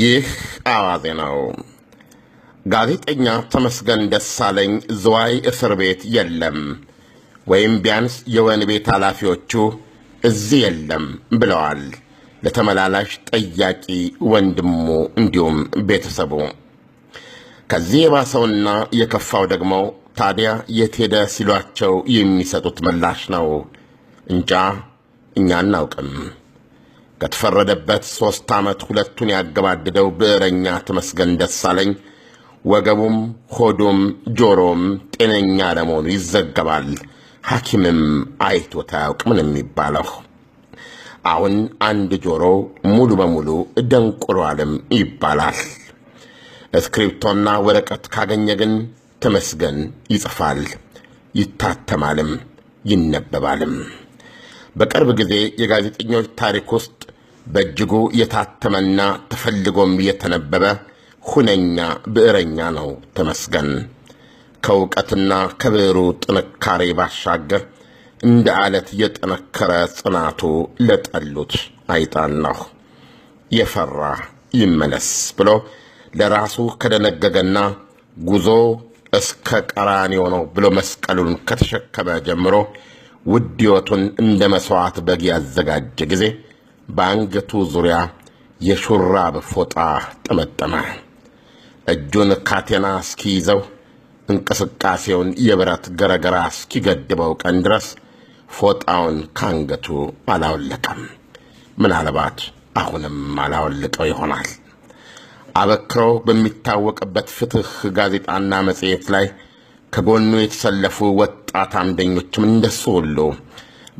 ይህ አዋዜ ነው። ጋዜጠኛ ተመስገን ደሳለኝ ዝዋይ እስር ቤት የለም ወይም ቢያንስ የወህኒ ቤት ኃላፊዎቹ እዚህ የለም ብለዋል ለተመላላሽ ጠያቂ ወንድሙ እንዲሁም ቤተሰቡ። ከዚህ የባሰውና የከፋው ደግሞ ታዲያ የት ሄደ ሲሏቸው የሚሰጡት ምላሽ ነው። እንጃ እኛ አናውቅም። ከተፈረደበት ሦስት ዓመት ሁለቱን ያገባደደው ብዕረኛ ተመስገን ደሳለኝ ወገቡም ሆዱም ጆሮም ጤነኛ ለመሆኑ ይዘገባል። ሐኪምም አይቶት አያውቅ ምን የሚባለው። አሁን አንድ ጆሮ ሙሉ በሙሉ ደንቁሯልም ይባላል። እስክሪፕቶና ወረቀት ካገኘ ግን ተመስገን ይጽፋል፣ ይታተማልም፣ ይነበባልም። በቅርብ ጊዜ የጋዜጠኞች ታሪክ ውስጥ በእጅጉ የታተመና ተፈልጎም የተነበበ ሁነኛ ብዕረኛ ነው ተመስገን። ከእውቀትና ከብዕሩ ጥንካሬ ባሻገር እንደ አለት የጠነከረ ጽናቱ ለጠሉት አይጣናሁ የፈራ ይመለስ ብሎ ለራሱ ከደነገገና ጉዞ እስከ ቀራንዮ ነው ብሎ መስቀሉን ከተሸከመ ጀምሮ ውድ ሕይወቱን እንደ መሥዋዕት በግ ያዘጋጀ ጊዜ በአንገቱ ዙሪያ የሹራብ ፎጣ ጠመጠመ። እጁን ካቴና እስኪይዘው እንቅስቃሴውን የብረት ገረገራ እስኪገድበው ቀን ድረስ ፎጣውን ካንገቱ አላወለቀም። ምናልባት አሁንም አላወልቀው ይሆናል። አበክረው በሚታወቅበት ፍትህ ጋዜጣና መጽሔት ላይ ከጎኑ የተሰለፉ ወጣት አምደኞችም እንደሱ ሁሉ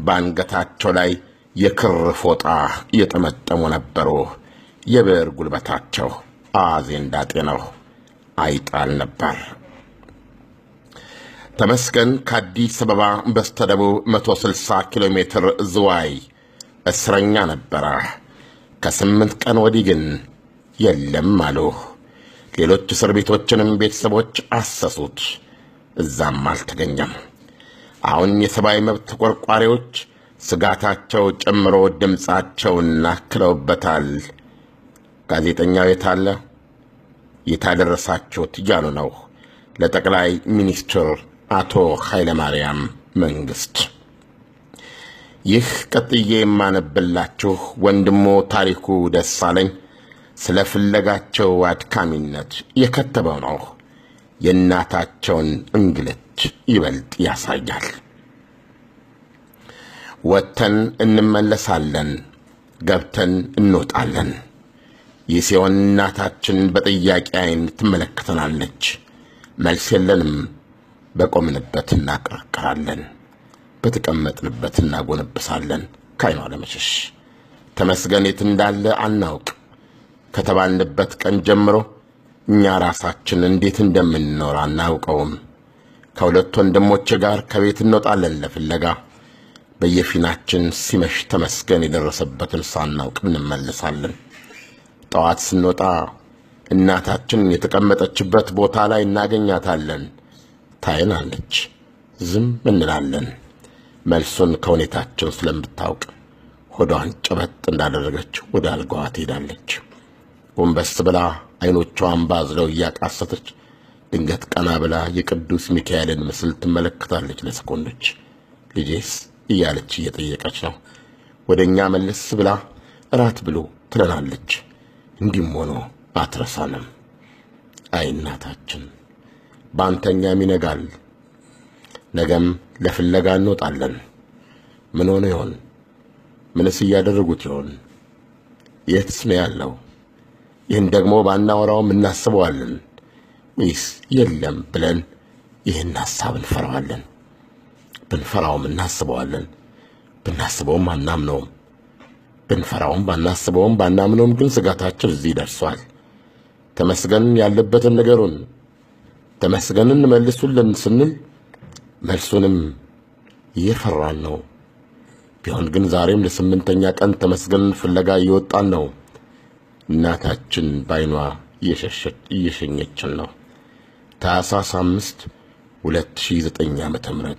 በአንገታቸው ላይ የክር ፎጣ የጠመጠሙ ነበሩ። የብዕር ጉልበታቸው አዜንዳ ጤነው አይጣል ነበር። ተመስገን ከአዲስ አበባ በስተደቡብ 160 ኪሎ ሜትር ዝዋይ እስረኛ ነበረ። ከስምንት ቀን ወዲህ ግን የለም አሉ። ሌሎች እስር ቤቶችንም ቤተሰቦች አሰሱት፣ እዛም አልተገኘም። አሁን የሰብአዊ መብት ተቆርቋሪዎች ስጋታቸው ጨምሮ ድምፃቸውን አክለውበታል። ጋዜጠኛው የታለ የታደረሳችሁት እያሉ ነው ለጠቅላይ ሚኒስትር አቶ ኃይለማርያም መንግስት። ይህ ቀጥዬ የማነብላችሁ ወንድሞ ታሪኩ ደሳለኝ ስለ ፍለጋቸው አድካሚነት የከተበው ነው። የእናታቸውን እንግልት ይበልጥ ያሳያል። ወጥተን እንመለሳለን፣ ገብተን እንወጣለን። የሴዮን እናታችን በጥያቄ ዐይን ትመለከተናለች። መልስ የለንም። በቆምንበት እናቀረቀራለን፣ በተቀመጥንበት እናጎነብሳለን ካይኗ ለመሸሽ ተመስገን የት እንዳለ አናውቅ። ከተባልንበት ቀን ጀምሮ እኛ ራሳችን እንዴት እንደምንኖር አናውቀውም። ከሁለት ወንድሞቼ ጋር ከቤት እንወጣለን ለፍለጋ በየፊናችን ሲመሽ ተመስገን የደረሰበትን ሳናውቅ እንመልሳለን። ጠዋት ስንወጣ እናታችን የተቀመጠችበት ቦታ ላይ እናገኛታለን። ታየናለች፣ ዝም እንላለን። መልሱን ከሁኔታችን ስለምታውቅ ሆዷን ጨበጥ እንዳደረገች ወደ አልጋዋ ትሄዳለች። ጎንበስ ብላ አይኖቿን ባዝለው እያቃሰተች ድንገት ቀና ብላ የቅዱስ ሚካኤልን ምስል ትመለከታለች ለሰኮንዶች። ልጄስ እያለች እየጠየቀች ነው። ወደ እኛ መለስ ብላ እራት ብሎ ትለናለች። እንዲም ሆኖ አትረሳንም። አይ እናታችን፣ በአንተኛም ይነጋል፣ ነገም ለፍለጋ እንወጣለን። ምን ሆነ ይሆን? ምንስ እያደረጉት ይሆን? የትስ ነው ያለው? ይህን ደግሞ ባናወራውም እናስበዋለን ወይስ የለም ብለን ይህን ሐሳብ እንፈራዋለን። ብንፈራውም እናስበዋለን፣ ብናስበውም አናምነውም። ብንፈራውም ባናስበውም ባናምነውም ግን ስጋታችን እዚህ ደርሷል። ተመስገን ያለበትን ነገሩን ተመስገንን መልሱልን ስንል መልሱንም እየፈራን ነው። ቢሆን ግን ዛሬም ለስምንተኛ ቀን ተመስገንን ፍለጋ እየወጣን ነው። እናታችን ባይኗ እየሸኘችን ነው። ታኅሳስ ተሳ5 2009 ዓ.ም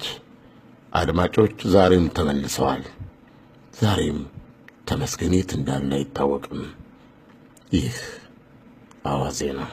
አድማጮች ዛሬም ተመልሰዋል። ዛሬም ተመስገን የት እንዳለ አይታወቅም። ይህ አዋዜ ነው።